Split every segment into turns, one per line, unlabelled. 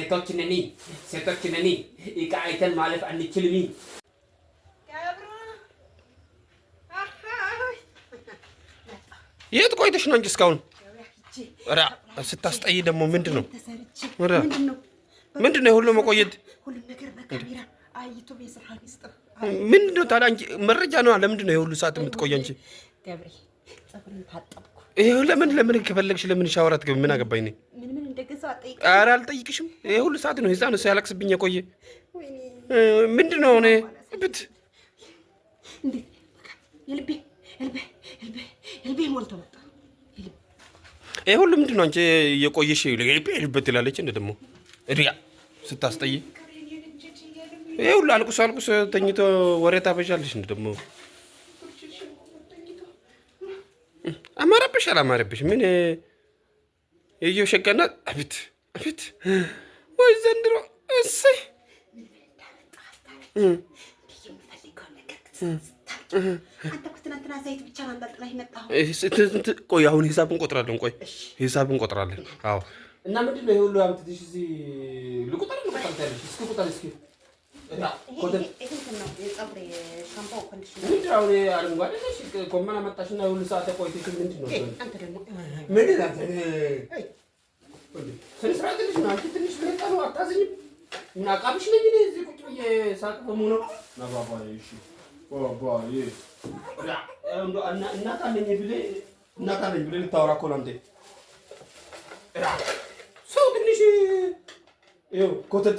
ሴቶችነኒ ሴቶችነኒ እቃ አይተን ማለፍ አንችልም። የት ቆይተሽ ነው እንጂ እስካሁን ስታስጠይ ደግሞ ምንድን ነው ምንድን ነው የሁሉ መቆየት? ምንድን ነው ታዲያ አንቺ መረጃ ለምንድን ነው የሁሉ ሰዓት የምትቆየ ይሄ ለምን ለምን ከፈለግሽ ለምን ምን አገባኝ እኔ ኧረ አልጠይቅሽም። ይሄ ሁሉ ሰዓት ነው የዛ ነው ሲያለቅስብኝ የቆየ ምንድን ነው ሆነ ብት ይሄ ሁሉ ምንድን ነው አንቺ የቆየሽ ልቤ ትላለች። እንደ ደግሞ እድያ ስታስጠይ ይሄ ሁሉ አልቁስ አልቁስ ተኝቶ ወሬ ታበዣለሽ። እንደ ደግሞ አማረብሽ አላማረብሽ ምን የየው ሸጋና አቤት አቤት፣ ወይ ዘንድሮ እሰይ ቆይ አሁን ሂሳብ እንቆጥራለን። ቆይ ሂሳብ እንቆጥራለን። አዎ እና ምንድን ነው ይሄ ሁሉ
አረንጓዴ
ጎመን አመጣሽና ሁሉ ሰዓት ቆይተሽ ምንድን ነው? ምንድን ስነ ስርዓት ትንሽ ነው። አንቺ ትንሽ ብለጣ ነው። አታዝኝም? ምን አቃብሽ ነኝ እኔ እዚህ ቁጭ ብዬ ሳቅ በሙ ነው እናታለኝ ብለህ እናታለኝ ብለህ ልታወራ እኮ ነው አንተ። ሰው ትንሽ ይኸው ኮተት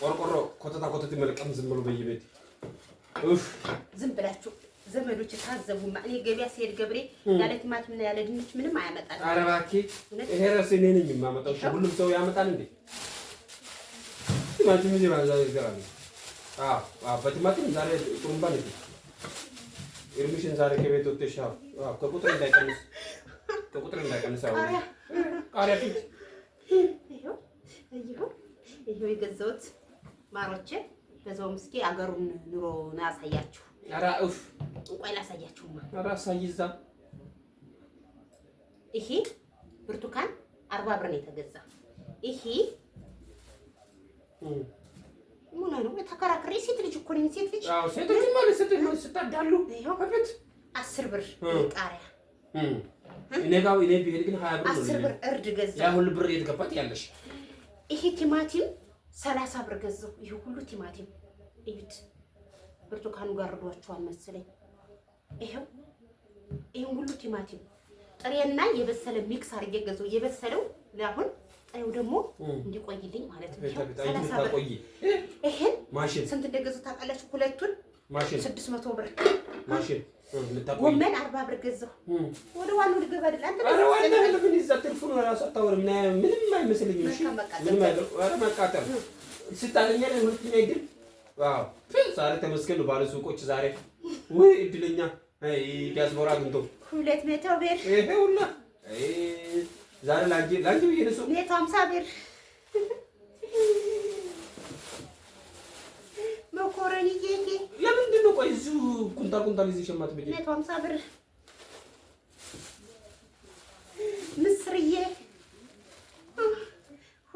ቆርቆሮ ኮተታ ኮተት መልቀም ዝም ብሎ በየቤት
ዝም ብላችሁ ዘመዶች ታዘቡማ። እኔ ገበያ ሲሄድ ገብሬ ያለ ቲማቲም እና ያለ ድንች ምንም አያመጣል።
ኧረ እባክህ ይሄ እራሱ እኔ ነኝ የማመጣው። ሁሉም ሰው ያመጣል እንዴ? ቲማቲም እዚህ ባዛ ይገራል። አዎ አዎ፣ በቲማቲም ዛሬ ጥሩምባ ነው። ኤርሚሽን ዛሬ ከቤት ወጥተሽ አዎ፣ ከቁጥር እንዳይቀንስ ከቁጥር እንዳይቀንስ። አዎ ቃሪያ ፊት
ይሄው ይሄው ይሄው የገዛሁት ማሮቼ፣ በዛውም እስኪ አገሩን ኑሮውን አሳያችሁ። ኧረ እፍ ቆይ ላሳያችሁማ።
ኧረ አሳይዛ።
ይሄ ብርቱካን አርባ ብር ነው የተገዛ። ይሄ ምን ነው ተከራክሬ፣ ሴት ልጅ እኮ ነኝ። ሴት ልጅ
አዎ፣ ሴት ልጅ ማለት ሴት ልጅ ስታዳሉ።
ይሄው አስር ብር ቃሪያ
እኔ ጋር እኔ ብሄድ ግን ሀያ
ብር አስር ብር እርድ ገዛ።
ያ ሁሉ ብር የት ገባት ያለሽ
ይሄ ቲማቲም ሰላሳ ብር ገዛሁ። ይሄ ሁሉ ቲማቲም እዩት። ብርቱካኑ ጋርዷቸዋል መሰለኝ። ይሄው ይሄን ሁሉ ቲማቲም ጥሬና የበሰለ ሚክስ አድርጌ ገዛሁ። የበሰለው ለአሁን ጥሬው ደግሞ እንዲቆይልኝ ማለት ነው። ይሄን ማሽን ስንት እንደገዛሁ ታውቃላችሁ? ሁለቱን ማሽን ስድስት መቶ ብር ማሽን ጎመን አርባ ብር ገዛሁ። ወደ ዋናው ልገባ አይደል?
አንተ ምን ይዛ ትርፉን እራሱ አታወርም። ምንም አይመስለኝም። መቃጠል ስታለኛ ሁለተኛ ይድል ዛሬ ተመስገን ነው። ባለ ሱቆች ዛሬ ወይ እድለኛ ዲያስፖራ አግኝቶ
ሁለት መቶ ብር
ይሄ ሁላ ዛሬ ላንቺ ብዬሽ ነው
ሜቶ ሀምሳ ብር
ቁንጣል ቁንጣል ይዘሽ የማትበይ
መቶ ሀምሳ ብር ምስርዬ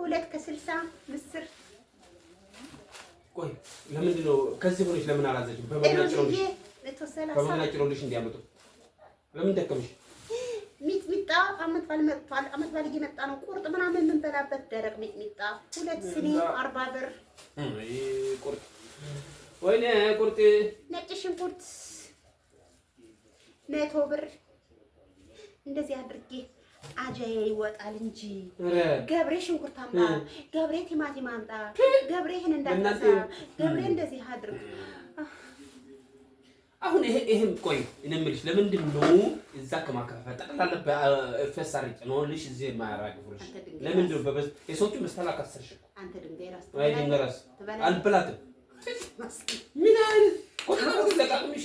ሁለት ከስልሳ ምስር
ቆይ ለምንድን ነው ከዚህ ሆነሽ ለምን አላዘሽም? ነው እንዲያመጡ ለምን ደከምሽ?
ሚጥሚጣ አመት ባል መጥቷል። አመት ባል እየመጣ ነው። ቁርጥ ምናምን የምንበላበት ደረቅ ሚጥሚጣ ሁለት ስኒ አርባ ብር።
ቁርጥ ወይኔ ቁርጥ
ነጭ ሽንኩርት መቶ ብር እንደዚህ አድርጌ አጃዬ ይወጣል እንጂ ገብሬ ሽንኩርት አምጣ፣ ገብሬ ቲማቲም አምጣ፣ ገብሬ ይህን እንዳትነሳ፣ ገብሬ እንደዚህ አድርግ።
አሁን ይሄ ይሄም ቆይ እኔ የምልሽ ለምንድን ነው እዛ ከማከፋፈል ጠቅላላ በኤፌስ አርጭ ነው እዚህ የማያራግፉልሽ ለምንድን ነው? በበዝ የሰዎቹ መስተላ ካሰርሽ አንተ ድንጋይ ራስ አልበላትም ምን አይነት ቆጥሮ ለቃቅምሽ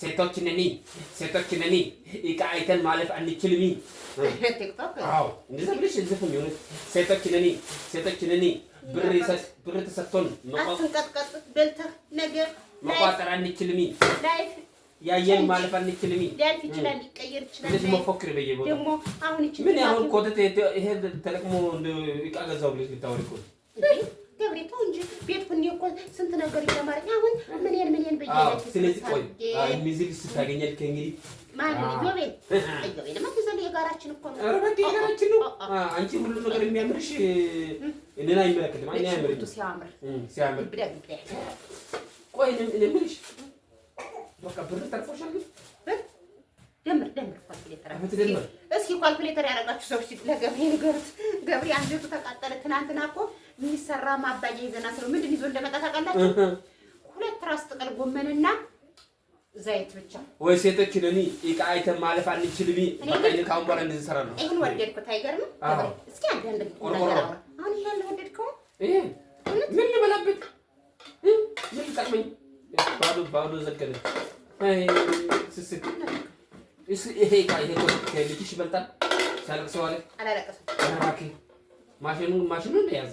ሴቶች ነን ሴቶች እቃ አይተን ማለፍ አንችልም። ቲክቶክ አዎ፣ እንደዛ ብለሽ ዝፍም ይሁን ሴቶች ሴቶች ብር ይሰጥ ብር ተሰጥቶን መቋጠር አንችልም። ያየን ማለፍ አንችልም። መፎክር ምን ኮተት ይሄ ተለቅሞ እቃ ገዛው ብለሽ እኮ ገብሬ ተው እንጂ እኮ ስንት ነገር እያማረኝ አሁን ምንን ምንን ብዬሽ ነው። ስለዚህ ቆይ ሚዚል ስታገኛል ከእንግዲህ አንቺ ሁሉም ነገር የሚያምርሽ እኔን አይመለከትም። ሲያምር ሲያምር ቆይ እኔ የምልሽ በቃ ብር ተርፎሻል ደምር ደምር ካልኩሌተር ያደረጋችሁ ሰዎች ለገብሬ ንገሩት። ገብሬ አንጀቱ ተቃጠለ ትናንትና እኮ የሚሰራ ማባያ ይዘና ስለው ምንድን ይዞ እንደመጣ ታውቃላችሁ? ሁለት ራስ ጥቅል ጎመንና ዘይት ብቻ። ወይ ሴቶች ነኒ እቃ አይተን ማለፍ አንችልም። በቃኝ ካሁን በኋላ እንደዚህ ሰራ ነው። ይሄን ወደድኩት። አይገርምም? እስኪ አንድ አንድ ቆርቆሮ አሁን ይሄን ወደድከው? ይሄ ምን ልበላበት? ምን ልጠቅመኝ? ባዶ ባዶ ዘገነ። አይ ስስት ይሄ እቃ ይሄ እኮ ከልጅሽ ይበልጣል። ሲያለቅሰው አለ አላለቀሰም። ማሽኑ ማሽኑን እንደያዘ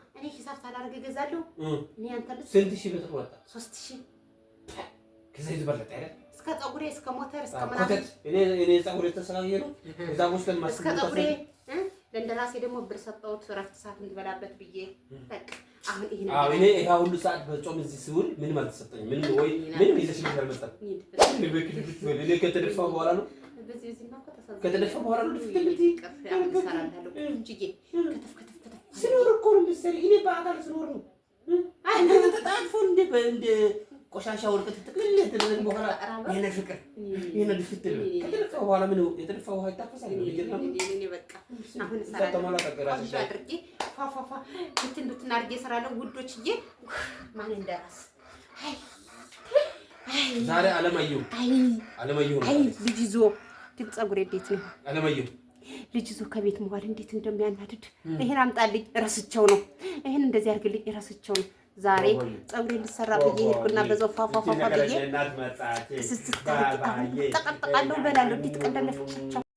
እኔ ሂሳብ ታላደርግ እገዛለሁ። እኔ አንተ ልጅ ስንት ሺህ ብር ወጣ? ሦስት ሺህ ከዚህ በለጠ አይደል? እስከ ፀጉሬ እስከ ሞተር እስከ ምናምን እኔ እኔ ፀጉሬ ተሰራየ እዛ ወስደን ማስቀመጥ እስከ ፀጉሬ ለእንደራሴ ደግሞ ብር ሰጠሁት እረፍት ሰዓት እንድበላበት ብዬ በቃ ሁሉ ሰዓት በጾም እዚህ ሲውል ምንም አልተሰጠኝም። ምን ወይ ምንም ስኖር እኮ ነው የምትሰሪው። እኔ በአካል ስኖር ነው ተጣጥፎ እንደ ቆሻሻ ወርቅ ትጥቅልለት በኋላ የነ ፍቅር የነ ድፍት ከጥልቀ በኋላ ምን የጥልፈ ውሃ ይታፈሳል። አድርጌ ፏፏፏ ብትን ብትን አድርጌ እሰራለሁ። ውዶች ማን እንደራስ ዛሬ አለማየሁ አለማየሁ ልጅ ይዞ ግን ፀጉሬ እንዴት ነው አለማየሁ ልጅ ይዞ ከቤት መዋል እንዴት እንደሚያናድድ ይሄን አምጣልኝ ረስቸው ነው። ይሄን እንደዚህ አድርግልኝ ረስቸው ነው። ዛሬ ፀጉሬ እንድሰራ ብዬ ሄድኩና በዛው ፏፏፏፏ ብዬ ስስስ ጠቀጠቃለሁ በላለሁ እንዴት ቀንደለፈቻቸው